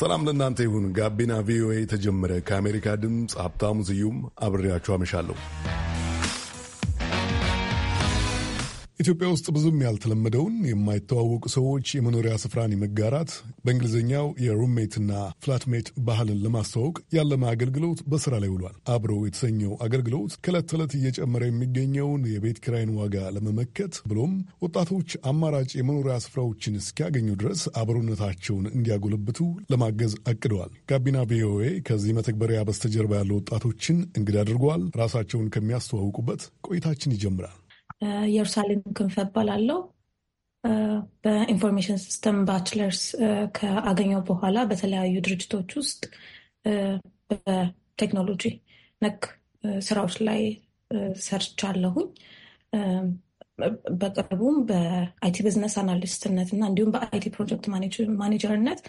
ሰላም ለእናንተ ይሁን። ጋቢና ቪኦኤ የተጀመረ ከአሜሪካ ድምፅ ሀብታሙ ስዩም አብሬያችሁ አመሻለሁ። ኢትዮጵያ ውስጥ ብዙም ያልተለመደውን የማይተዋወቁ ሰዎች የመኖሪያ ስፍራን የመጋራት በእንግሊዝኛው የሩምሜትና ፍላትሜት ባህልን ለማስተዋወቅ ያለመ አገልግሎት በስራ ላይ ውሏል። አብሮ የተሰኘው አገልግሎት ከዕለት ተዕለት እየጨመረ የሚገኘውን የቤት ኪራይን ዋጋ ለመመከት ብሎም ወጣቶች አማራጭ የመኖሪያ ስፍራዎችን እስኪያገኙ ድረስ አብሮነታቸውን እንዲያጎለብቱ ለማገዝ አቅደዋል። ጋቢና ቪኦኤ ከዚህ መተግበሪያ በስተጀርባ ያሉ ወጣቶችን እንግዳ አድርጓል። ራሳቸውን ከሚያስተዋውቁበት ቆይታችን ይጀምራል። ኢየሩሳሌም ክንፈ እባላለሁ። በኢንፎርሜሽን ሲስተም ባችለርስ ከአገኘው በኋላ በተለያዩ ድርጅቶች ውስጥ በቴክኖሎጂ ነክ ስራዎች ላይ ሰርቻለሁኝ። በቅርቡም በአይቲ ብዝነስ አናሊስትነት እና እንዲሁም በአይቲ ፕሮጀክት ማኔጀርነት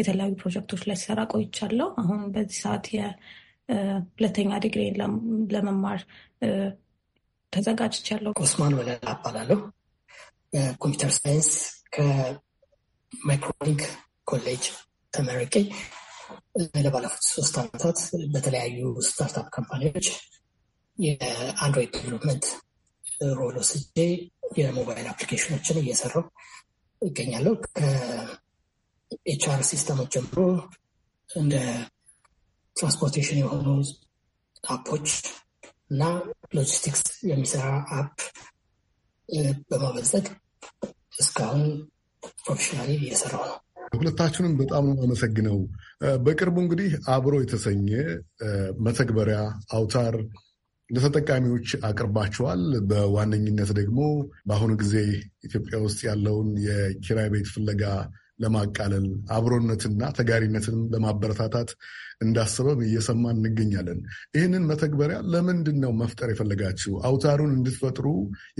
የተለያዩ ፕሮጀክቶች ላይ ሰራ ቆይቻለሁ። አሁን በዚህ ሰዓት የሁለተኛ ዲግሪ ለመማር ተዘጋጅቻለሁ። ኦስማን ወለላ እባላለሁ። በኮምፒውተር ሳይንስ ከማይክሮኒክ ኮሌጅ ተመርቄ ለባለፉት ሶስት ዓመታት በተለያዩ ስታርታፕ ካምፓኒዎች የአንድሮይድ ዴቨሎፕመንት ሮሎ ስጄ የሞባይል አፕሊኬሽኖችን እየሰራው ይገኛለሁ። ከኤችአር ሲስተሞች ጀምሮ እንደ ትራንስፖርቴሽን የሆኑ አፖች እና ሎጂስቲክስ የሚሰራ አፕ በማመዘግ እስካሁን ፕሮፌሽናሊ እየሰራው ነው። ሁለታችሁንም በጣም ነው አመሰግነው። በቅርቡ እንግዲህ አብሮ የተሰኘ መተግበሪያ አውታር ለተጠቃሚዎች አቅርባችኋል። በዋነኝነት ደግሞ በአሁኑ ጊዜ ኢትዮጵያ ውስጥ ያለውን የኪራይ ቤት ፍለጋ ለማቃለል አብሮነትና ተጋሪነትን ለማበረታታት እንዳሰበም እየሰማን እንገኛለን። ይህንን መተግበሪያ ለምንድን ነው መፍጠር የፈለጋችሁ? አውታሩን እንድትፈጥሩ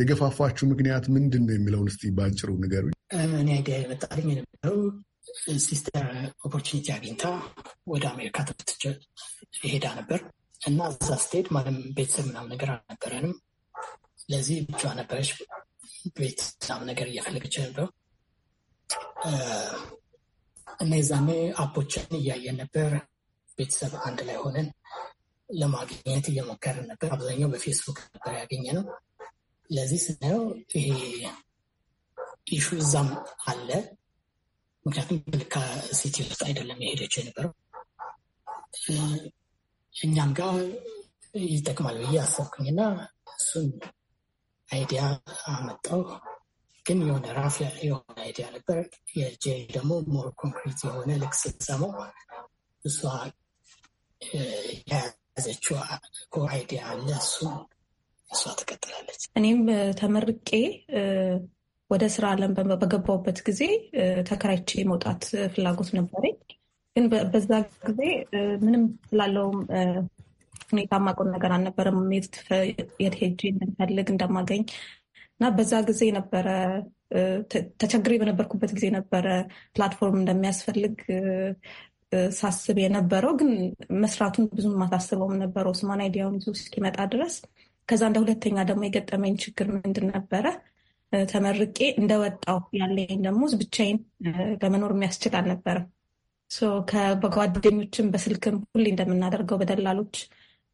የገፋፋችሁ ምክንያት ምንድን ነው የሚለውን እስቲ ባጭሩ ንገሩኝ። እኔ አይዲያ የመጣልኝ የነበረው ሲስተር ኦፖርቹኒቲ አግኝታ ወደ አሜሪካ ትምህርት ይሄዳ ነበር እና እዛ ስትሄድ ማለም ቤተሰብ ምናምን ነገር አልነበረንም። ለዚህ ብቻ ነበረች። ቤት ምናምን ነገር እየፈለገች ነበረው እና የዛኔ አቦችን እያየን ነበር። ቤተሰብ አንድ ላይ ሆነን ለማግኘት እየሞከርን ነበር። አብዛኛው በፌስቡክ ነበር ያገኘ ነው። ለዚህ ስናየው ይሄ ኢሹ እዛም አለ። ምክንያቱም ልካ ሲቲ ውስጥ አይደለም የሄደችው የነበረው እኛም ጋር ይጠቅማል ብዬ አሰብኩኝና እሱን አይዲያ አመጣው። ግን የሆነ ራፍ የሆነ አይዲያ ነበር። የጄ ደግሞ ሞር ኮንክሪት የሆነ ልክ ስትሰማው እሷ የያዘችው ኮር አይዲያ አለ። እሱ እሷ ትቀጥላለች። እኔም ተመርቄ ወደ ስራ አለም በገባሁበት ጊዜ ተከራይቼ መውጣት ፍላጎት ነበረኝ። ግን በዛ ጊዜ ምንም ስላለውም ሁኔታ ማቆም ነገር አልነበረም። የት ሄጄ እንደምፈልግ እንደማገኝ እና በዛ ጊዜ ነበረ ተቸግሬ በነበርኩበት ጊዜ ነበረ ፕላትፎርም እንደሚያስፈልግ ሳስብ የነበረው ግን መስራቱን ብዙም አታስበውም ነበረው ስማን አይዲያውን ይዞ እስኪመጣ ድረስ። ከዛ እንደ ሁለተኛ ደግሞ የገጠመኝ ችግር ምንድን ነበረ? ተመርቄ እንደወጣው ያለኝ ደግሞ ብቻዬን ለመኖር የሚያስችል አልነበረም። ከበጓደኞችም በስልክም ሁሌ እንደምናደርገው በደላሎች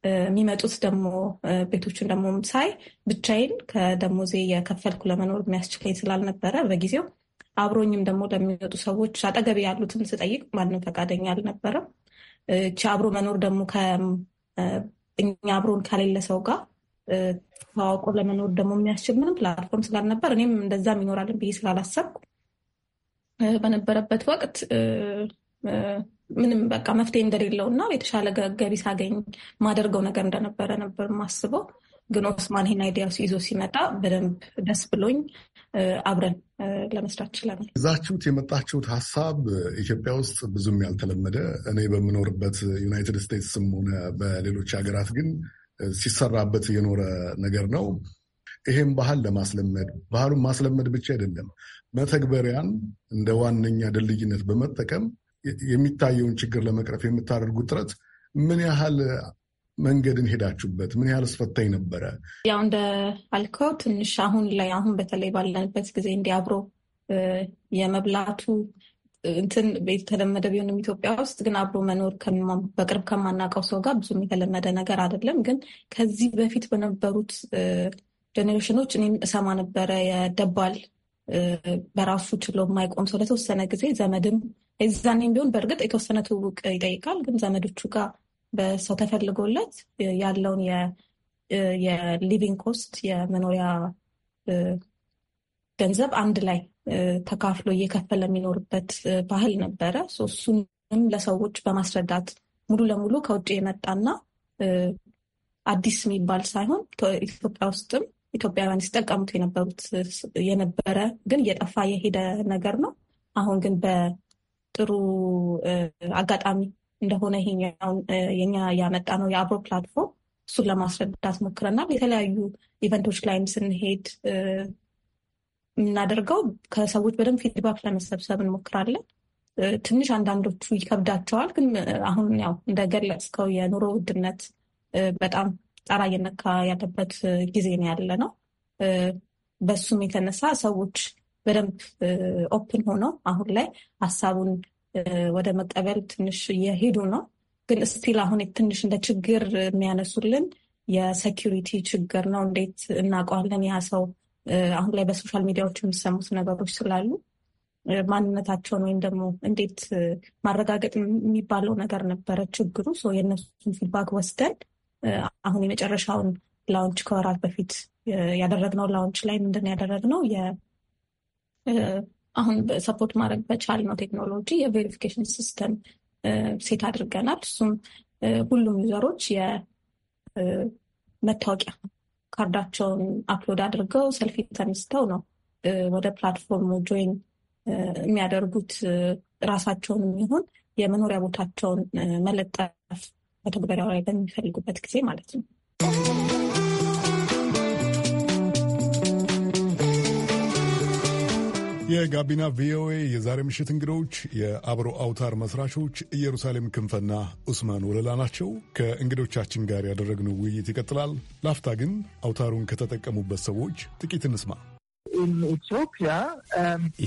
የሚመጡት ደግሞ ቤቶችን ደግሞ ሳይ ብቻዬን ከደሞዜ የከፈልኩ ለመኖር የሚያስችለኝ ስላልነበረ በጊዜው አብሮኝም ደግሞ ለሚመጡ ሰዎች አጠገብ ያሉትን ስጠይቅ ማንም ፈቃደኛ አልነበረም። እቺ አብሮ መኖር ደግሞ እኛ አብሮን ከሌለ ሰው ጋር ተዋውቆ ለመኖር ደግሞ የሚያስችል ምንም ፕላትፎርም ስላልነበር እኔም እንደዛም ይኖራልን ብዬ ስላላሰብኩ በነበረበት ወቅት ምንም በቃ መፍትሄ እንደሌለው እና የተሻለ ገቢ ሳገኝ ማደርገው ነገር እንደነበረ ነበር ማስበው። ግን ኦስማን ይሄን አይዲያ ይዞ ሲመጣ በደንብ ደስ ብሎኝ አብረን ለመስራት ችለናል። ይዛችሁት የመጣችሁት ሀሳብ ኢትዮጵያ ውስጥ ብዙም ያልተለመደ እኔ በምኖርበት ዩናይትድ ስቴትስም ሆነ በሌሎች ሀገራት ግን ሲሰራበት የኖረ ነገር ነው። ይሄን ባህል ለማስለመድ ባህሉን ማስለመድ ብቻ አይደለም፣ መተግበሪያን እንደ ዋነኛ ድልድይነት በመጠቀም የሚታየውን ችግር ለመቅረፍ የምታደርጉት ጥረት ምን ያህል መንገድን ሄዳችሁበት? ምን ያህል አስፈታኝ ነበረ? ያው እንደ አልከው ትንሽ አሁን ላይ አሁን በተለይ ባለንበት ጊዜ እንዲያብሮ አብሮ የመብላቱ እንትን የተለመደ ቢሆንም ኢትዮጵያ ውስጥ ግን አብሮ መኖር በቅርብ ከማናውቀው ሰው ጋር ብዙም የተለመደ ነገር አይደለም። ግን ከዚህ በፊት በነበሩት ጄኔሬሽኖች እኔም እሰማ ነበረ የደባል በራሱ ችሎ የማይቆም ሰው ለተወሰነ ጊዜ ዘመድም የዛኔም ቢሆን በእርግጥ የተወሰነ ትውውቅ ይጠይቃል። ግን ዘመዶቹ ጋር በሰው ተፈልጎለት ያለውን የሊቪንግ ኮስት የመኖሪያ ገንዘብ አንድ ላይ ተካፍሎ እየከፈለ የሚኖርበት ባህል ነበረ። እሱንም ለሰዎች በማስረዳት ሙሉ ለሙሉ ከውጭ የመጣና አዲስ የሚባል ሳይሆን ኢትዮጵያ ውስጥም ኢትዮጵያውያን ሲጠቀሙት የነበሩት የነበረ ግን እየጠፋ የሄደ ነገር ነው። አሁን ግን ጥሩ አጋጣሚ እንደሆነ ይሄኛውን የኛ ያመጣ ነው የአብሮ ፕላትፎርም እሱን ለማስረዳት ሞክረናል። የተለያዩ ኢቨንቶች ላይም ስንሄድ የምናደርገው ከሰዎች በደንብ ፊድባክ ለመሰብሰብ እንሞክራለን። ትንሽ አንዳንዶቹ ይከብዳቸዋል፣ ግን አሁን ያው እንደገለጽከው የኑሮ ውድነት በጣም ጣራ እየነካ ያለበት ጊዜ ነው ያለ ነው። በሱም የተነሳ ሰዎች በደንብ ኦፕን ሆነው አሁን ላይ ሀሳቡን ወደ መቀበል ትንሽ እየሄዱ ነው። ግን እስቲል አሁን ትንሽ እንደ ችግር የሚያነሱልን የሴኪሪቲ ችግር ነው። እንዴት እናውቀዋለን ያ ሰው አሁን ላይ በሶሻል ሚዲያዎች የሚሰሙት ነገሮች ስላሉ ማንነታቸውን ወይም ደግሞ እንዴት ማረጋገጥ የሚባለው ነገር ነበረ ችግሩ። የእነሱን ፊድባክ ወስደን አሁን የመጨረሻውን ላውንች ከወራት በፊት ያደረግነው ላውንች ላይ ምንድን ያደረግነው አሁን ሰፖርት ማድረግ በቻል ነው ቴክኖሎጂ የቬሪፊኬሽን ሲስተም ሴት አድርገናል። እሱም ሁሉም ዩዘሮች የመታወቂያ ካርዳቸውን አፕሎድ አድርገው ሰልፊ ተነስተው ነው ወደ ፕላትፎርሙ ጆይን የሚያደርጉት። ራሳቸውን የሚሆን የመኖሪያ ቦታቸውን መለጠፍ መተግበሪያው ላይ በሚፈልጉበት ጊዜ ማለት ነው። የጋቢና ቪኦኤ የዛሬ ምሽት እንግዶች የአብሮ አውታር መስራቾች ኢየሩሳሌም ክንፈና ኡስማን ወለላ ናቸው። ከእንግዶቻችን ጋር ያደረግነው ውይይት ይቀጥላል። ላፍታ ግን አውታሩን ከተጠቀሙበት ሰዎች ጥቂት እንስማ።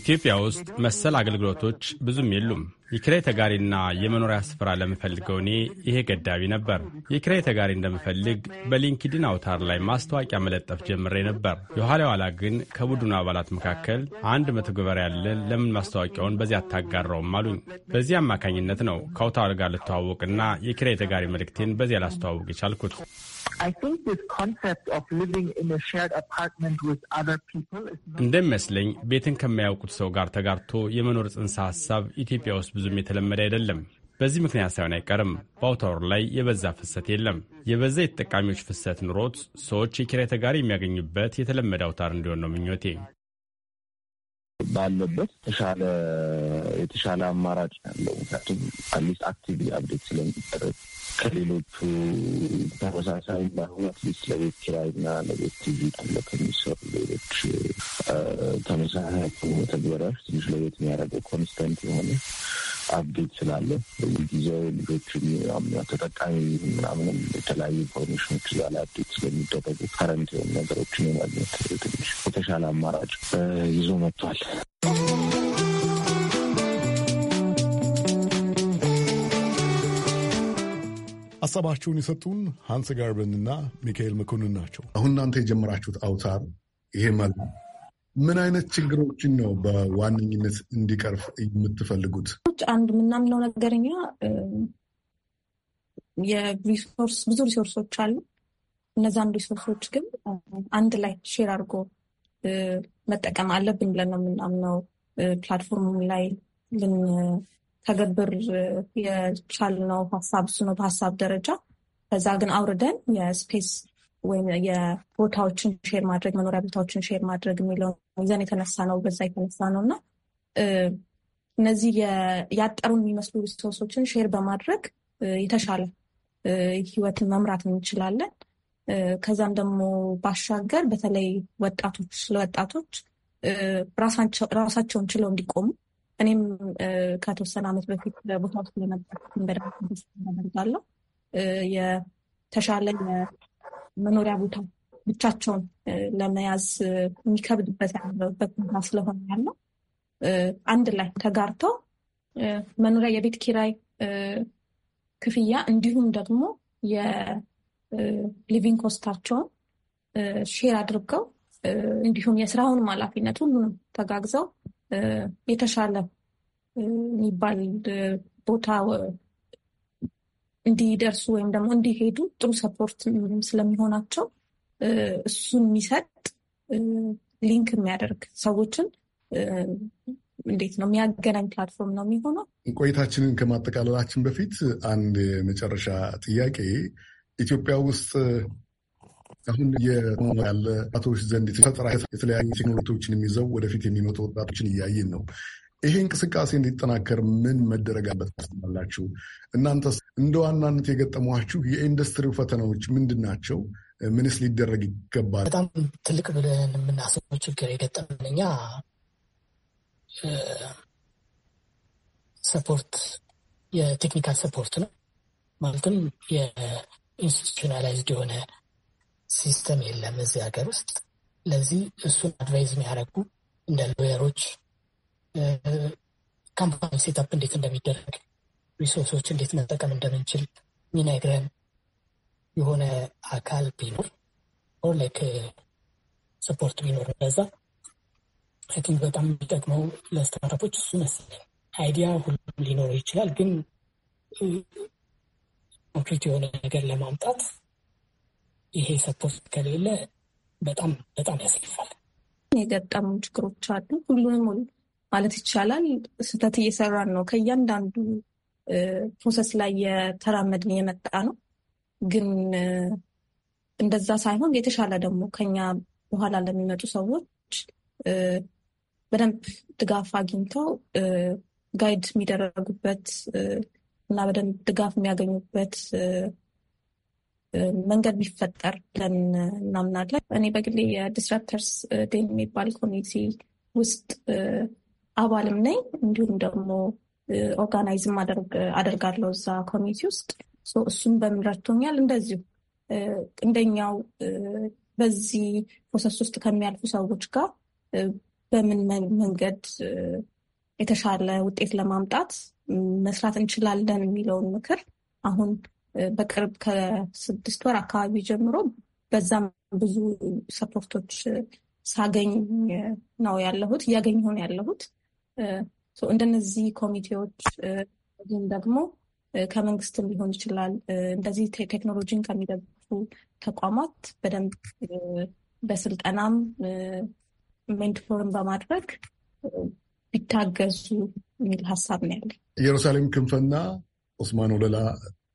ኢትዮጵያ ውስጥ መሰል አገልግሎቶች ብዙም የሉም። የኪራይ ተጋሪና የመኖሪያ ስፍራ ለምፈልገው እኔ ይሄ ገዳቢ ነበር። የኪራይ ተጋሪ እንደምፈልግ በሊንክድን አውታር ላይ ማስታወቂያ መለጠፍ ጀምሬ ነበር። የኋላ ኋላ ግን ከቡድኑ አባላት መካከል አንድ መተግበሪያ ያለን ለምን ማስታወቂያውን በዚያ አታጋራውም አሉኝ። በዚህ አማካኝነት ነው ከአውታር ጋር ልተዋወቅና የኪራይ ተጋሪ መልእክቴን በዚያ ላስተዋወቅ የቻልኩት። እንደሚመስለኝ ቤትን ከማያውቁት ሰው ጋር ተጋርቶ የመኖር ጽንሰ ሀሳብ ኢትዮጵያ ውስጥ ብዙም የተለመደ አይደለም። በዚህ ምክንያት ሳይሆን አይቀርም በአውታወር ላይ የበዛ ፍሰት የለም። የበዛ የተጠቃሚዎች ፍሰት ኑሮት ሰዎች የኪራይ ተጋሪ የሚያገኙበት የተለመደ አውታር እንዲሆን ነው ምኞቴ። ባለበት ተሻለ የተሻለ አማራጭ ያለው ምክንያቱም አትሊስት አክቲቭ አብዴት ስለሚደረግ ከሌሎቹ ተመሳሳይ ባሆኑ አትሊስት ለቤት ኪራይ ኪራይና ለቤት ቲቪ ተብሎ ከሚሰሩ ሌሎች ተመሳሳይ ተግባራዎች ትንሽ ለቤት የሚያደርገው ኮንስተንት የሆነ አብዴት ስላለ በየጊዜው ልጆች ተጠቃሚ ምናምንም የተለያዩ ኢንፎርሜሽኖች ያለ አብዴት ስለሚደረጉ ከረንት የሆኑ ነገሮችን የማግኘት ትንሽ የተሻለ አማራጭ ይዞ መጥቷል። ሀሳባቸውን የሰጡን ሀንስ ጋርበንና ሚካኤል መኮንን ናቸው። አሁን እናንተ የጀመራችሁት አውታር ይሄ መልኩ ምን አይነት ችግሮችን ነው በዋነኝነት እንዲቀርፍ የምትፈልጉት? አንድ የምናምነው ነገርኛ የሪሶርስ ብዙ ሪሶርሶች አሉ። እነዛን ሪሶርሶች ግን አንድ ላይ ሼር አድርጎ መጠቀም አለብን ብለን ነው የምናምነው። ፕላትፎርም ላይ ልንተገብር የቻልነው ሀሳብ እሱ ነው በሀሳብ ደረጃ። ከዛ ግን አውርደን የስፔስ ወይም የቦታዎችን ሼር ማድረግ መኖሪያ ቦታዎችን ሼር ማድረግ የሚለው ይዘን የተነሳ ነው በዛ የተነሳ ነው እና እነዚህ ያጠሩን የሚመስሉ ሪሶርሶችን ሼር በማድረግ የተሻለ ህይወትን መምራት እንችላለን። ከዛም ደግሞ ባሻገር በተለይ ወጣቶች ስለወጣቶች ራሳቸውን ችለው እንዲቆሙ እኔም ከተወሰነ ዓመት በፊት በቦታ ውስጥ ለመጣት በደረጋለሁ የተሻለ የመኖሪያ ቦታ ብቻቸውን ለመያዝ የሚከብድበት ያለበት ስለሆነ ያለው አንድ ላይ ተጋርተው መኖሪያ የቤት ኪራይ ክፍያ እንዲሁም ደግሞ ሊቪንግ ኮስታቸውን ሼር አድርገው እንዲሁም የስራውን ኃላፊነት ሁሉንም ተጋግዘው የተሻለ የሚባል ቦታ እንዲደርሱ ወይም ደግሞ እንዲሄዱ ጥሩ ሰፖርት ስለሚሆናቸው እሱን የሚሰጥ ሊንክ የሚያደርግ ሰዎችን እንዴት ነው የሚያገናኝ ፕላትፎርም ነው የሚሆነው። ቆይታችንን ከማጠቃለላችን በፊት አንድ የመጨረሻ ጥያቄ ኢትዮጵያ ውስጥ አሁን የሆነ ያለ ወጣቶች ዘንድ ፈጠራ የተለያዩ ቴክኖሎጂዎችን የሚይዘው ወደፊት የሚመጡ ወጣቶችን እያየን ነው። ይሄ እንቅስቃሴ እንዲጠናከር ምን መደረግ አለበት አላችሁ? እናንተስ እንደ ዋናነት የገጠሟችሁ የኢንዱስትሪው ፈተናዎች ምንድን ናቸው? ምንስ ሊደረግ ይገባል? በጣም ትልቅ ብለን የምናስበው ችግር የገጠመን እኛ ሰፖርት የቴክኒካል ሰፖርት ነው። ማለትም ኢንስቲቱሽናላይዝድ የሆነ ሲስተም የለም እዚህ ሀገር ውስጥ። ለዚህ እሱን አድቫይዝ የሚያደርጉ እንደ ሎየሮች ካምፓኒ ሴታፕ እንዴት እንደሚደረግ ሪሶርሶች እንዴት መጠቀም እንደምንችል ሚነግረን የሆነ አካል ቢኖር ኦር ላይክ ሰፖርት ቢኖር እንደዛ አይ ቲንክ በጣም የሚጠቅመው ለስታርታፖች እሱ መሰለኝ። አይዲያ ሁሉም ሊኖረው ይችላል፣ ግን ኮንክሪት የሆነ ነገር ለማምጣት ይሄ ሰፖርት ከሌለ በጣም በጣም ያስልፋል። የገጠሙ ችግሮች አሉ። ሁሉንም ማለት ይቻላል ስህተት እየሰራን ነው። ከእያንዳንዱ ፕሮሰስ ላይ የተራመድን የመጣ ነው። ግን እንደዛ ሳይሆን የተሻለ ደግሞ ከኛ በኋላ ለሚመጡ ሰዎች በደንብ ድጋፍ አግኝተው ጋይድ የሚደረጉበት እና በደንብ ድጋፍ የሚያገኙበት መንገድ ቢፈጠር ብለን እናምናለን። እኔ በግሌ የዲስራፕተርስ ዴ የሚባል ኮሚኒቲ ውስጥ አባልም ነኝ። እንዲሁም ደግሞ ኦርጋናይዝም አደርጋለሁ እዛ ኮሚኒቲ ውስጥ እሱም በምን ረድቶኛል። እንደዚሁ እንደኛው በዚህ ፕሮሰስ ውስጥ ከሚያልፉ ሰዎች ጋር በምን መንገድ የተሻለ ውጤት ለማምጣት መስራት እንችላለን የሚለውን ምክር አሁን በቅርብ ከስድስት ወር አካባቢ ጀምሮ በዛም ብዙ ሰፖርቶች ሳገኝ ነው ያለሁት እያገኝ ሆን ያለሁት እንደነዚህ ኮሚቴዎች ወይም ደግሞ ከመንግስትም ሊሆን ይችላል እንደዚህ ቴክኖሎጂን ከሚደግፉ ተቋማት በደንብ በስልጠናም ሜንቶርን በማድረግ ቢታገዙ የሚል ሀሳብ ነው ያለ። ኢየሩሳሌም ክንፈና ኦስማን ወለላ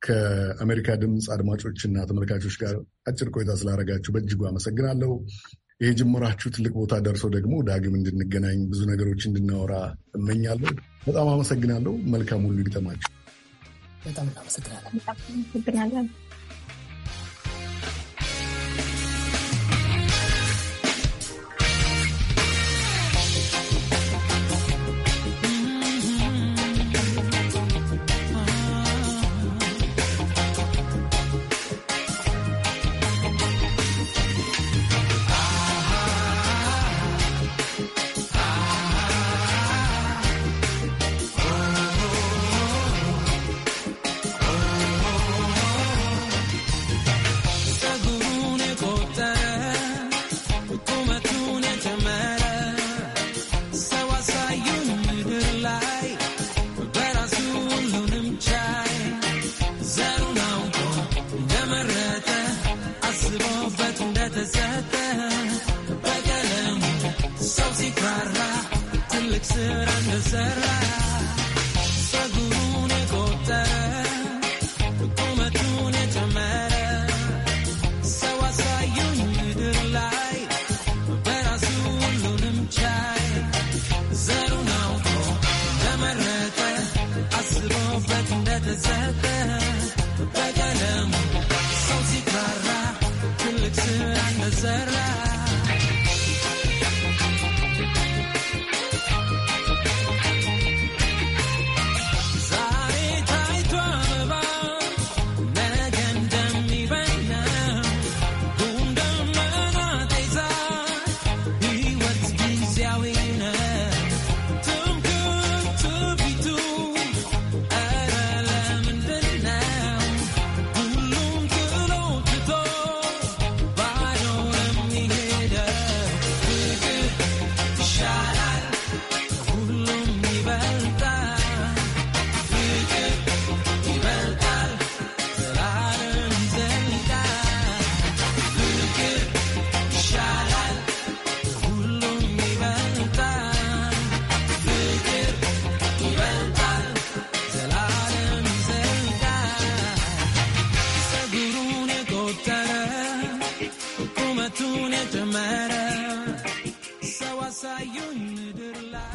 ከአሜሪካ ድምፅ አድማጮችና ተመልካቾች ጋር አጭር ቆይታ ስላደረጋችሁ በእጅጉ አመሰግናለሁ። ይህ ጅምራችሁ ትልቅ ቦታ ደርሶ ደግሞ ዳግም እንድንገናኝ ብዙ ነገሮች እንድናወራ እመኛለሁ። በጣም አመሰግናለሁ። መልካም ሁሉ ይግጠማችሁ። በጣም እናመሰግናለን።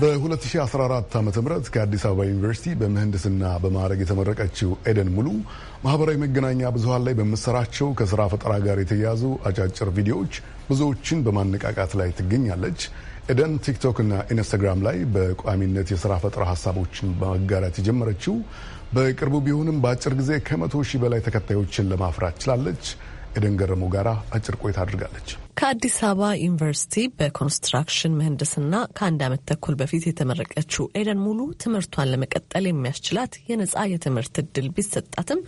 በ2014 ዓ ም ከአዲስ አበባ ዩኒቨርሲቲ በምህንድስና በማዕረግ የተመረቀችው ኤደን ሙሉ ማህበራዊ መገናኛ ብዙሀን ላይ በምሰራቸው ከስራ ፈጠራ ጋር የተያያዙ አጫጭር ቪዲዮዎች ብዙዎችን በማነቃቃት ላይ ትገኛለች። ኤደን ቲክቶክ እና ኢንስታግራም ላይ በቋሚነት የስራ ፈጠራ ሀሳቦችን በመጋራት የጀመረችው በቅርቡ ቢሆንም በአጭር ጊዜ ከመቶ ሺህ በላይ ተከታዮችን ለማፍራት ችላለች። ኤደን ገረሙ ጋራ አጭር ቆይታ አድርጋለች። ከአዲስ አበባ ዩኒቨርሲቲ በኮንስትራክሽን ምህንድስና ከአንድ ዓመት ተኩል በፊት የተመረቀችው ኤደን ሙሉ ትምህርቷን ለመቀጠል የሚያስችላት የነጻ የትምህርት እድል ቢሰጣትም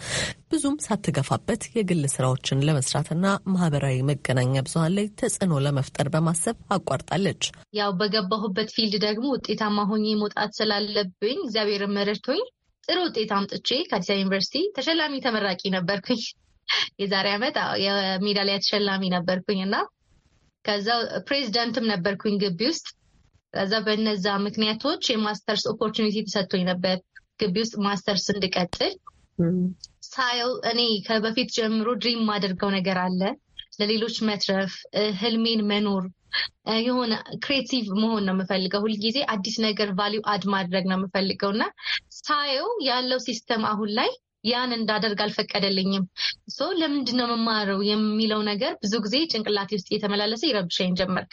ብዙም ሳትገፋበት የግል ስራዎችን ለመስራትና ማህበራዊ መገናኛ ብዙሀን ላይ ተጽዕኖ ለመፍጠር በማሰብ አቋርጣለች። ያው በገባሁበት ፊልድ ደግሞ ውጤታማ ሆኜ መውጣት ስላለብኝ እግዚአብሔር መረድቶኝ ጥሩ ውጤት አምጥቼ ከአዲስ አበባ ዩኒቨርሲቲ ተሸላሚ ተመራቂ ነበርኩኝ። የዛሬ ዓመት የሜዳሊያ ተሸላሚ ነበርኩኝ እና ከዛ ፕሬዚደንትም ነበርኩኝ ግቢ ውስጥ። ከዛ በነዛ ምክንያቶች የማስተርስ ኦፖርቹኒቲ ተሰጥቶኝ ነበር ግቢ ውስጥ ማስተርስ እንድቀጥል ሳየው እኔ ከበፊት ጀምሮ ድሪም ማደርገው ነገር አለ ለሌሎች መትረፍ ህልሜን መኖር የሆነ ክሬቲቭ መሆን ነው የምፈልገው። ሁልጊዜ አዲስ ነገር ቫሊዩ አድ ማድረግ ነው የምፈልገው እና ሳየው ያለው ሲስተም አሁን ላይ ያን እንዳደርግ አልፈቀደልኝም። ሶ ለምንድን ነው መማረው የሚለው ነገር ብዙ ጊዜ ጭንቅላቴ ውስጥ እየተመላለሰ ይረብሸኝ ጀመር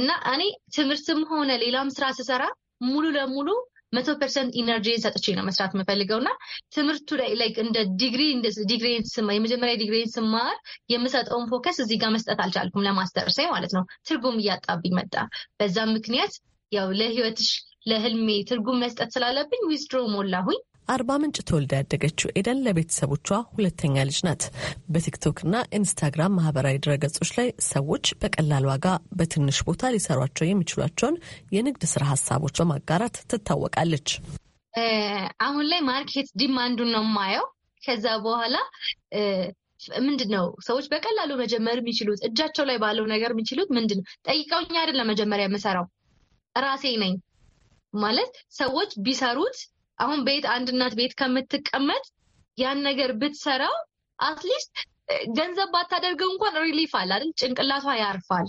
እና እኔ ትምህርትም ሆነ ሌላም ስራ ስሰራ ሙሉ ለሙሉ መቶ ፐርሰንት ኢነርጂ ሰጥቼ ነው መስራት የምፈልገው እና ትምህርቱ ላይ እንደ ዲግሪ ዲግሪ የመጀመሪያ ዲግሪ ስማር የምሰጠውን ፎከስ እዚህ ጋር መስጠት አልቻልኩም። ለማስተርሴ ማለት ነው ትርጉም እያጣብኝ መጣ። በዛም ምክንያት ያው ለህይወትሽ ለህልሜ ትርጉም መስጠት ስላለብኝ ዊዝድሮ ሞላሁኝ። አርባ ምንጭ ተወልዳ ያደገችው ኤደን ለቤተሰቦቿ ሁለተኛ ልጅ ናት። በቲክቶክና ኢንስታግራም ማህበራዊ ድረገጾች ላይ ሰዎች በቀላል ዋጋ በትንሽ ቦታ ሊሰሯቸው የሚችሏቸውን የንግድ ስራ ሀሳቦች በማጋራት ትታወቃለች። አሁን ላይ ማርኬት ዲማንዱን ነው የማየው። ከዛ በኋላ ምንድን ነው ሰዎች በቀላሉ መጀመር የሚችሉት እጃቸው ላይ ባለው ነገር የሚችሉት ምንድን ነው? ጠይቀውኝ አይደለም መጀመሪያ የምሰራው ራሴ ነኝ ማለት ሰዎች ቢሰሩት አሁን ቤት አንድ እናት ቤት ከምትቀመጥ ያን ነገር ብትሰራው አትሊስት ገንዘብ ባታደርገው እንኳን ሪሊፍ አለ አይደል? ጭንቅላቷ ያርፋል።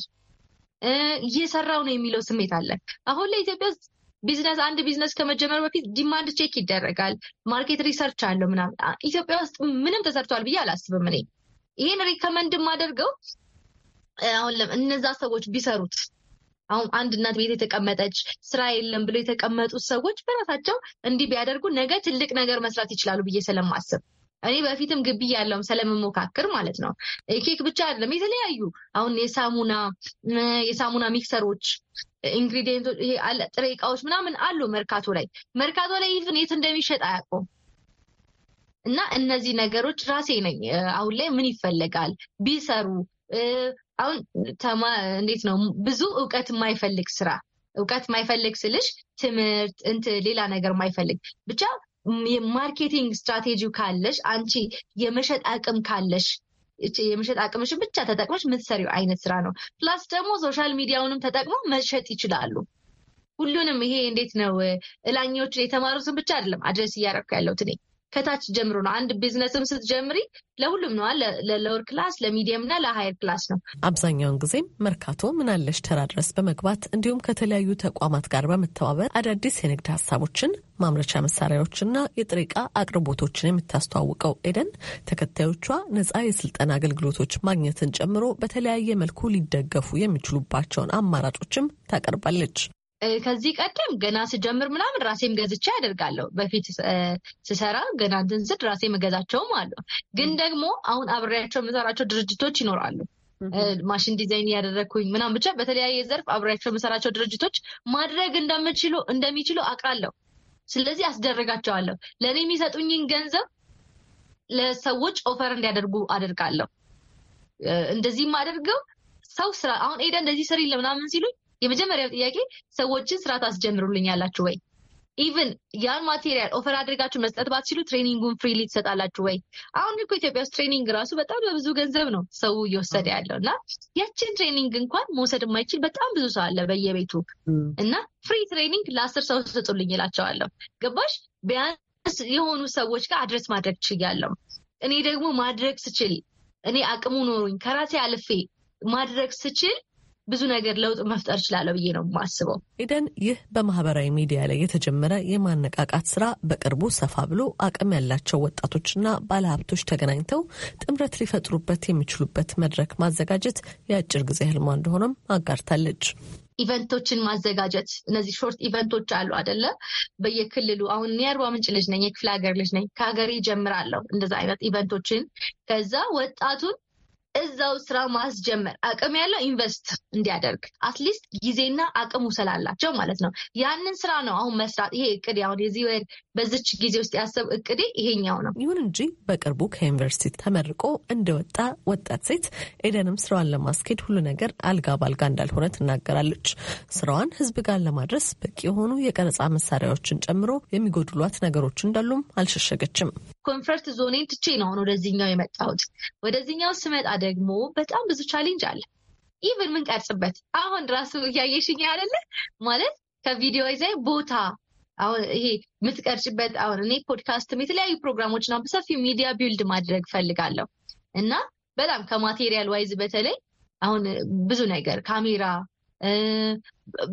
እየሰራው ነው የሚለው ስሜት አለ። አሁን ለኢትዮጵያ ውስጥ ቢዝነስ አንድ ቢዝነስ ከመጀመሩ በፊት ዲማንድ ቼክ ይደረጋል። ማርኬት ሪሰርች አለው ምናምን። ኢትዮጵያ ውስጥ ምንም ተሰርቷል ብዬ አላስብም። እኔ ይህን ሪከመንድ የማደርገው አሁን እነዛ ሰዎች ቢሰሩት አሁን አንድ እናት ቤት የተቀመጠች ስራ የለም ብለው የተቀመጡ ሰዎች በራሳቸው እንዲህ ቢያደርጉ ነገ ትልቅ ነገር መስራት ይችላሉ ብዬ ስለማስብ እኔ በፊትም ግቢ ያለውም ስለምሞካክር ማለት ነው። ኬክ ብቻ አይደለም የተለያዩ አሁን የሳሙና የሳሙና ሚክሰሮች ኢንግሪዲየንቶች፣ ጥሬ እቃዎች ምናምን አሉ መርካቶ ላይ መርካቶ ላይ ኢቭን የት እንደሚሸጥ አያውቁም። እና እነዚህ ነገሮች ራሴ ነኝ አሁን ላይ ምን ይፈለጋል ቢሰሩ አሁን ተማ እንዴት ነው ብዙ እውቀት የማይፈልግ ስራ እውቀት የማይፈልግ ስልሽ ትምህርት እንት ሌላ ነገር የማይፈልግ ብቻ የማርኬቲንግ ስትራቴጂው ካለሽ አንቺ የመሸጥ አቅም ካለሽ የመሸጥ አቅምሽን ብቻ ተጠቅመሽ የምትሰሪው አይነት ስራ ነው። ፕላስ ደግሞ ሶሻል ሚዲያውንም ተጠቅሞ መሸጥ ይችላሉ። ሁሉንም ይሄ እንዴት ነው እላኞቹን የተማሩትን ብቻ አይደለም አድረስ እያደረኩ ያለሁት እኔ ከታች ጀምሮ ነው። አንድ ቢዝነስም ስትጀምሪ ለሁሉም ነዋ፣ ለሎወር ክላስ፣ ለሚዲየም እና ለሀየር ክላስ ነው። አብዛኛውን ጊዜም መርካቶ ምናለሽ ተራ ድረስ በመግባት እንዲሁም ከተለያዩ ተቋማት ጋር በመተባበር አዳዲስ የንግድ ሀሳቦችን ማምረቻ መሳሪያዎችና የጥሬ እቃ አቅርቦቶችን የምታስተዋውቀው ኤደን ተከታዮቿ ነጻ የስልጠና አገልግሎቶች ማግኘትን ጨምሮ በተለያየ መልኩ ሊደገፉ የሚችሉባቸውን አማራጮችም ታቀርባለች። ከዚህ ቀደም ገና ስጀምር ምናምን ራሴም ገዝቼ ያደርጋለሁ። በፊት ስሰራ ገና ድንስድ ራሴ መገዛቸውም አሉ። ግን ደግሞ አሁን አብሬያቸው የምሰራቸው ድርጅቶች ይኖራሉ። ማሽን ዲዛይን እያደረግኩኝ ምናምን ብቻ በተለያየ ዘርፍ አብሬያቸው የምሰራቸው ድርጅቶች ማድረግ እንደምችሉ እንደሚችሉ አውቃለሁ። ስለዚህ አስደረጋቸዋለሁ። ለእኔ የሚሰጡኝን ገንዘብ ለሰዎች ኦፈር እንዲያደርጉ አደርጋለሁ። እንደዚህ የማደርገው ሰው ስራ አሁን ኤደ እንደዚህ ስሪ ለምናምን ሲሉኝ የመጀመሪያው ጥያቄ ሰዎችን ስራ ታስጀምሩልኝ ያላችሁ ወይ? ኢቨን ያን ማቴሪያል ኦፈር አድርጋችሁ መስጠት ባትችሉ ትሬኒንጉን ፍሪሊ ትሰጣላችሁ ወይ? አሁን እኮ ኢትዮጵያ ውስጥ ትሬኒንግ ራሱ በጣም በብዙ ገንዘብ ነው ሰው እየወሰደ ያለው እና ያችን ትሬኒንግ እንኳን መውሰድ የማይችል በጣም ብዙ ሰው አለ በየቤቱ እና ፍሪ ትሬኒንግ ለአስር ሰው ስጡልኝ ይላቸዋለሁ። ገባሽ? ቢያንስ የሆኑ ሰዎች ጋር አድረስ ማድረግ ችያለሁ። እኔ ደግሞ ማድረግ ስችል እኔ አቅሙ ኖሩኝ ከራሴ አልፌ ማድረግ ስችል ብዙ ነገር ለውጥ መፍጠር እችላለሁ ብዬ ነው የማስበው። ኢደን፣ ይህ በማህበራዊ ሚዲያ ላይ የተጀመረ የማነቃቃት ስራ በቅርቡ ሰፋ ብሎ አቅም ያላቸው ወጣቶችና ባለሀብቶች ተገናኝተው ጥምረት ሊፈጥሩበት የሚችሉበት መድረክ ማዘጋጀት የአጭር ጊዜ ህልሟ እንደሆነም አጋርታለች። ኢቨንቶችን ማዘጋጀት እነዚህ ሾርት ኢቨንቶች አሉ አደለ? በየክልሉ አሁን እኔ ምንጭ ልጅ ነኝ፣ የክፍለ ሀገር ልጅ ነኝ። ከሀገሬ ጀምራለሁ እንደዛ አይነት ኢቨንቶችን ከዛ ወጣቱን እዛው ስራ ማስጀመር አቅም ያለው ኢንቨስት እንዲያደርግ አትሊስት ጊዜና አቅሙ ስላላቸው ማለት ነው። ያንን ስራ ነው አሁን መስራት። ይሄ እቅድ አሁን የዚህ ወር በዚች ጊዜ ውስጥ ያሰብ እቅዴ ይሄኛው ነው። ይሁን እንጂ በቅርቡ ከዩኒቨርሲቲ ተመርቆ እንደወጣ ወጣት ሴት ኤደንም ስራዋን ለማስኬድ ሁሉ ነገር አልጋ ባልጋ እንዳልሆነ ትናገራለች። ስራዋን ህዝብ ጋር ለማድረስ በቂ የሆኑ የቀረጻ መሳሪያዎችን ጨምሮ የሚጎድሏት ነገሮች እንዳሉም አልሸሸገችም። ኮንፈርት ዞኔን ትቼ ነው አሁን ወደዚህኛው የመጣሁት። ወደዚህኛው ስመጣ ደግሞ በጣም ብዙ ቻሌንጅ አለ። ኢቨን ምንቀርጽበት አሁን ራሱ እያየሽኝ አይደለ ማለት ከቪዲዮ ይዘህ ቦታ አሁን ይሄ የምትቀርጭበት አሁን እኔ ፖድካስትም የተለያዩ ነው በሰፊው ሚዲያ ቢልድ ማድረግ ፈልጋለሁ እና በጣም ከማቴሪያል ዋይዝ በተለይ አሁን ብዙ ነገር ካሜራ፣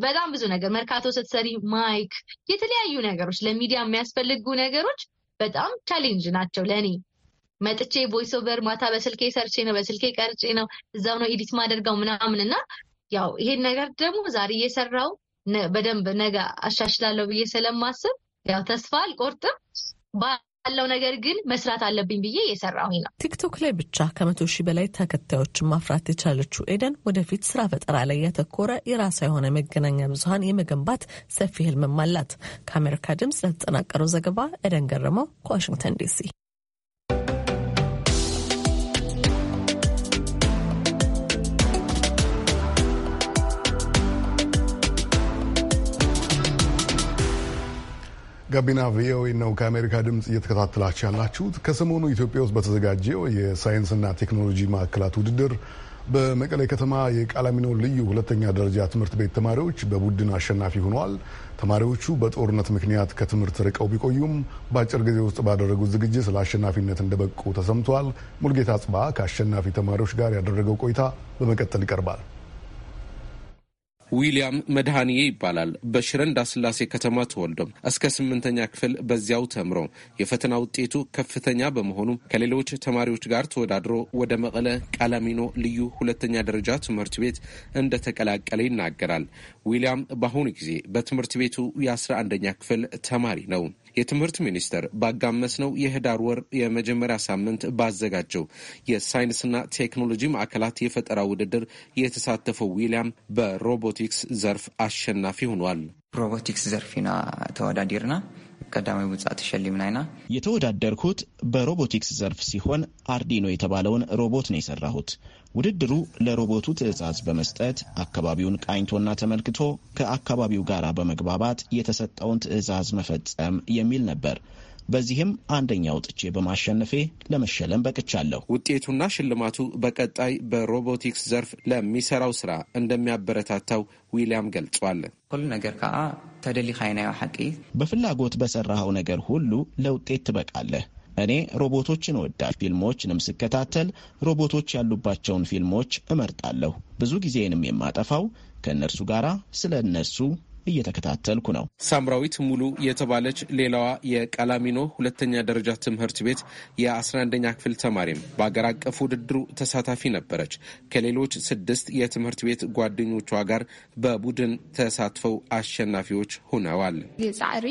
በጣም ብዙ ነገር መርካቶ ስትሰሪ ማይክ፣ የተለያዩ ነገሮች ለሚዲያ የሚያስፈልጉ ነገሮች በጣም ቻሌንጅ ናቸው ለእኔ መጥቼ ቮይስ ኦቨር ማታ በስልኬ ሰርቼ ነው በስልኬ ቀርጬ ነው እዛው ነው ኤዲት ማደርገው ምናምን እና ያው ይሄን ነገር ደግሞ ዛሬ እየሰራው በደንብ ነገ አሻሽላለሁ ብዬ ስለማስብ ያው ተስፋ አልቆርጥም። ባለው ነገር ግን መስራት አለብኝ ብዬ የሰራሁኝ ነው። ቲክቶክ ላይ ብቻ ከመቶ ሺህ በላይ ተከታዮችን ማፍራት የቻለችው ኤደን ወደፊት ስራ ፈጠራ ላይ ያተኮረ የራሷ የሆነ መገናኛ ብዙኃን የመገንባት ሰፊ ህልምም አላት። ከአሜሪካ ድምፅ ለተጠናቀረው ዘገባ ኤደን ገረመው ከዋሽንግተን ዲሲ ጋቢና ቪኦኤ ነው ከአሜሪካ ድምፅ እየተከታተላችሁ ያላችሁት። ከሰሞኑ ኢትዮጵያ ውስጥ በተዘጋጀው የሳይንስና ቴክኖሎጂ ማዕከላት ውድድር በመቀሌ ከተማ የቃላሚኖ ልዩ ሁለተኛ ደረጃ ትምህርት ቤት ተማሪዎች በቡድን አሸናፊ ሆነዋል። ተማሪዎቹ በጦርነት ምክንያት ከትምህርት ርቀው ቢቆዩም በአጭር ጊዜ ውስጥ ባደረጉት ዝግጅት ለአሸናፊነት እንደበቁ ተሰምተዋል። ሙልጌታ ጽባ ከአሸናፊ ተማሪዎች ጋር ያደረገው ቆይታ በመቀጠል ይቀርባል። ዊሊያም መድሃንዬ ይባላል። በሽረ እንዳስላሴ ከተማ ተወልዶ እስከ ስምንተኛ ክፍል በዚያው ተምሮ የፈተና ውጤቱ ከፍተኛ በመሆኑ ከሌሎች ተማሪዎች ጋር ተወዳድሮ ወደ መቀለ ቃላሚኖ ልዩ ሁለተኛ ደረጃ ትምህርት ቤት እንደተቀላቀለ ይናገራል። ዊሊያም በአሁኑ ጊዜ በትምህርት ቤቱ የአስራ አንደኛ ክፍል ተማሪ ነው። የትምህርት ሚኒስቴር ባጋመስነው የህዳር ወር የመጀመሪያ ሳምንት ባዘጋጀው የሳይንስና ቴክኖሎጂ ማዕከላት የፈጠራ ውድድር የተሳተፈው ዊሊያም በሮቦቲክስ ዘርፍ አሸናፊ ሆኗል። ሮቦቲክስ ዘርፊና ተወዳዲርና ቀዳማዊ ውፃእ ተሸሊም ናይና የተወዳደርኩት በሮቦቲክስ ዘርፍ ሲሆን አርዲኖ የተባለውን ሮቦት ነው የሰራሁት። ውድድሩ ለሮቦቱ ትዕዛዝ በመስጠት አካባቢውን ቃኝቶና ተመልክቶ ከአካባቢው ጋር በመግባባት የተሰጠውን ትዕዛዝ መፈጸም የሚል ነበር። በዚህም አንደኛ ወጥቼ በማሸነፌ ለመሸለም በቅቻለሁ። ውጤቱና ሽልማቱ በቀጣይ በሮቦቲክስ ዘርፍ ለሚሰራው ስራ እንደሚያበረታታው ዊልያም ገልጿል። ኩሉ ነገር ከዓ ተደሊኻይናዮ ሓቂ በፍላጎት በሰራኸው ነገር ሁሉ ለውጤት ትበቃለህ። እኔ ሮቦቶችን እወዳለሁ። ፊልሞችንም ስከታተል ሮቦቶች ያሉባቸውን ፊልሞች እመርጣለሁ። ብዙ ጊዜንም የማጠፋው ከእነርሱ ጋራ ስለ እነሱ እየተከታተልኩ ነው። ሳምራዊት ሙሉ የተባለች ሌላዋ የቀላሚኖ ሁለተኛ ደረጃ ትምህርት ቤት የ11ኛ ክፍል ተማሪም በአገር አቀፍ ውድድሩ ተሳታፊ ነበረች። ከሌሎች ስድስት የትምህርት ቤት ጓደኞቿ ጋር በቡድን ተሳትፈው አሸናፊዎች ሆነዋል። የጻዕሪ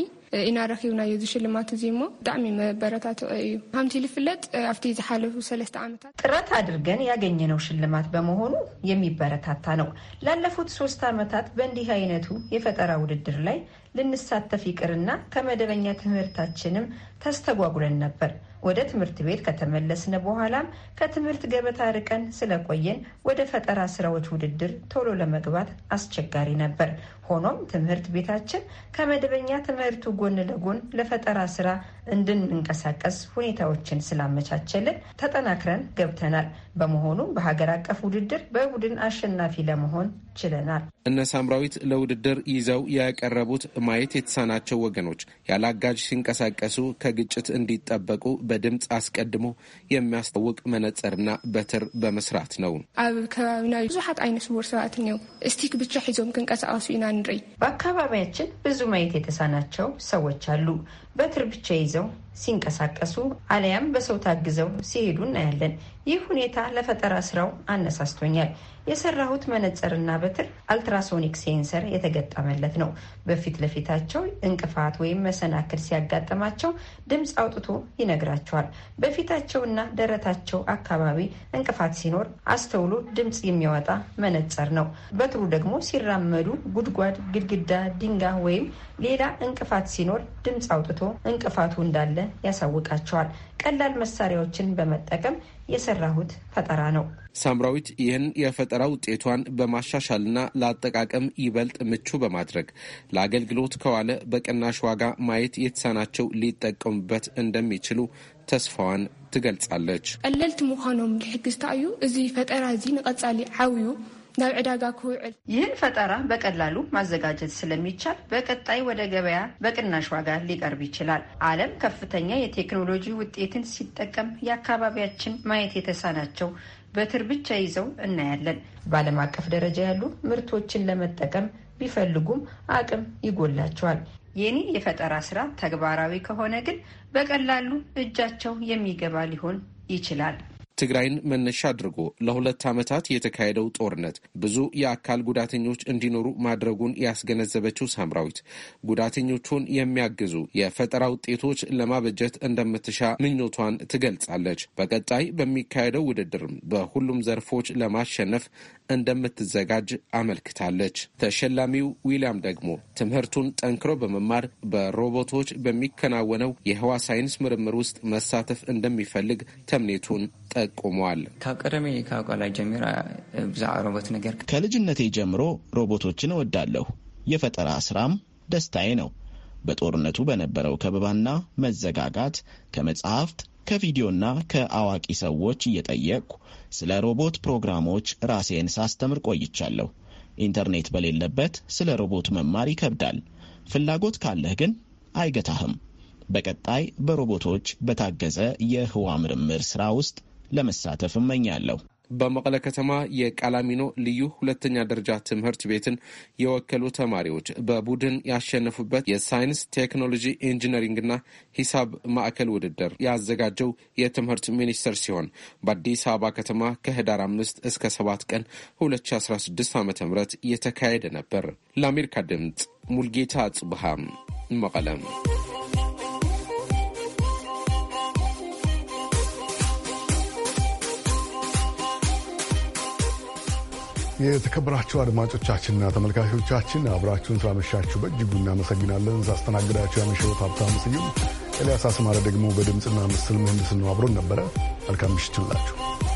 ኢና ረኪብናዮ ሽልማት እዚ ሞ ብጣዕሚ መበረታትዒ እዩ ከምቲ ዝፍለጥ ኣብቲ ዝሓለፉ ሰለስተ ዓመታት ጥረት ኣድርገን ያገኘነው ሽልማት በመሆኑ የሚበረታታ ነው። ላለፉት ሶስት ዓመታት በእንዲህ አይነቱ የፈጠራ ውድድር ላይ ልንሳተፍ ይቅርና ከመደበኛ ትምህርታችንም ተስተጓጉለን ነበር። ወደ ትምህርት ቤት ከተመለስን በኋላም ከትምህርት ገበታ ርቀን ስለቆየን ወደ ፈጠራ ስራዎች ውድድር ቶሎ ለመግባት አስቸጋሪ ነበር። ሆኖም ትምህርት ቤታችን ከመደበኛ ትምህርቱ ጎን ለጎን ለፈጠራ ስራ እንድንንቀሳቀስ ሁኔታዎችን ስላመቻቸልን ተጠናክረን ገብተናል። በመሆኑም በሀገር አቀፍ ውድድር በቡድን አሸናፊ ለመሆን ችለናል። እነ ሳምራዊት ለውድድር ይዘው ያቀረቡት ማየት የተሳናቸው ወገኖች ያላጋጅ ሲንቀሳቀሱ ከግጭት እንዲጠበቁ በድምፅ አስቀድሞ የሚያስታውቅ መነጽርና በትር በመስራት ነው። ኣብ ከባቢና ብዙሓት ዓይነት ስውር ሰባት እኔው እስቲክ ብቻ ሒዞም ክንቀሳቀሱ ኢና ንርኢ። በአካባቢያችን ብዙ ማየት የተሳናቸው ሰዎች አሉ። በትር ብቻ ይዘው ሲንቀሳቀሱ አለያም በሰው ታግዘው ሲሄዱ እናያለን። ይህ ሁኔታ ለፈጠራ ስራው አነሳስቶኛል። የሰራሁት መነጽርና በትር አልትራሶኒክ ሴንሰር የተገጠመለት ነው። በፊት ለፊታቸው እንቅፋት ወይም መሰናክል ሲያጋጥማቸው ድምፅ አውጥቶ ይነግራቸዋል። በፊታቸውና ደረታቸው አካባቢ እንቅፋት ሲኖር አስተውሎ ድምፅ የሚያወጣ መነጽር ነው። በትሩ ደግሞ ሲራመዱ ጉድጓድ፣ ግድግዳ፣ ድንጋይ ወይም ሌላ እንቅፋት ሲኖር ድምፅ አውጥቶ እንቅፋቱ እንዳለ ያሳውቃቸዋል። ቀላል መሳሪያዎችን በመጠቀም የሰራሁት ፈጠራ ነው። ሳምራዊት ይህን የፈጠራ ውጤቷን በማሻሻልና ለአጠቃቀም ይበልጥ ምቹ በማድረግ ለአገልግሎት ከዋለ በቅናሽ ዋጋ ማየት የተሳናቸው ሊጠቀሙበት እንደሚችሉ ተስፋዋን ትገልጻለች። ቀለልቲ ምዃኖም ዝሕግዝታ እዩ እዚ ፈጠራ እዚ ንቀጻሊ ዓብዩ ናብ ዕዳጋ ክውዕል ይህን ፈጠራ በቀላሉ ማዘጋጀት ስለሚቻል በቀጣይ ወደ ገበያ በቅናሽ ዋጋ ሊቀርብ ይችላል። ዓለም ከፍተኛ የቴክኖሎጂ ውጤትን ሲጠቀም የአካባቢያችን ማየት የተሳናቸው በትር ብቻ ይዘው እናያለን። በዓለም አቀፍ ደረጃ ያሉ ምርቶችን ለመጠቀም ቢፈልጉም አቅም ይጎላቸዋል። የኔ የፈጠራ ስራ ተግባራዊ ከሆነ ግን በቀላሉ እጃቸው የሚገባ ሊሆን ይችላል። ትግራይን መነሻ አድርጎ ለሁለት ዓመታት የተካሄደው ጦርነት ብዙ የአካል ጉዳተኞች እንዲኖሩ ማድረጉን ያስገነዘበችው ሳምራዊት ጉዳተኞቹን የሚያግዙ የፈጠራ ውጤቶች ለማበጀት እንደምትሻ ምኞቷን ትገልጻለች። በቀጣይ በሚካሄደው ውድድርም በሁሉም ዘርፎች ለማሸነፍ እንደምትዘጋጅ አመልክታለች። ተሸላሚው ዊሊያም ደግሞ ትምህርቱን ጠንክሮ በመማር በሮቦቶች በሚከናወነው የህዋ ሳይንስ ምርምር ውስጥ መሳተፍ እንደሚፈልግ ተምኔቱን ጠ ጠቁመዋል። ካብ ቀደሜ ጀሚራ ብዛዕባ ሮቦት ነገር ከልጅነቴ ጀምሮ ሮቦቶችን እወዳለሁ። የፈጠራ ስራም ደስታዬ ነው። በጦርነቱ በነበረው ከበባና መዘጋጋት ከመጽሐፍት ከቪዲዮና ከአዋቂ ሰዎች እየጠየቅኩ ስለ ሮቦት ፕሮግራሞች ራሴን ሳስተምር ቆይቻለሁ። ኢንተርኔት በሌለበት ስለ ሮቦት መማር ይከብዳል። ፍላጎት ካለህ ግን አይገታህም። በቀጣይ በሮቦቶች በታገዘ የህዋ ምርምር ሥራ ውስጥ ለመሳተፍ እመኛለሁ። በመቀለ ከተማ የቃላሚኖ ልዩ ሁለተኛ ደረጃ ትምህርት ቤትን የወከሉ ተማሪዎች በቡድን ያሸነፉበት የሳይንስ ቴክኖሎጂ፣ ኢንጂነሪንግና ሂሳብ ማዕከል ውድድር ያዘጋጀው የትምህርት ሚኒስቴር ሲሆን በአዲስ አበባ ከተማ ከህዳር አምስት እስከ ሰባት ቀን 2016 ዓ ም የተካሄደ ነበር። ለአሜሪካ ድምፅ ሙልጌታ ጽብሃም መቀለም የተከበራችሁ አድማጮቻችንና ተመልካቾቻችን አብራችሁን ስላመሻችሁ በእጅጉ እናመሰግናለን። ሳስተናግዳችሁ ያመሸሁት ሀብታሙ ስዩም፣ ኤልያስ አስማረ ደግሞ በድምፅና ምስል ምህንድስና አብሮን ነበረ። መልካም ምሽት ይሁንላችሁ።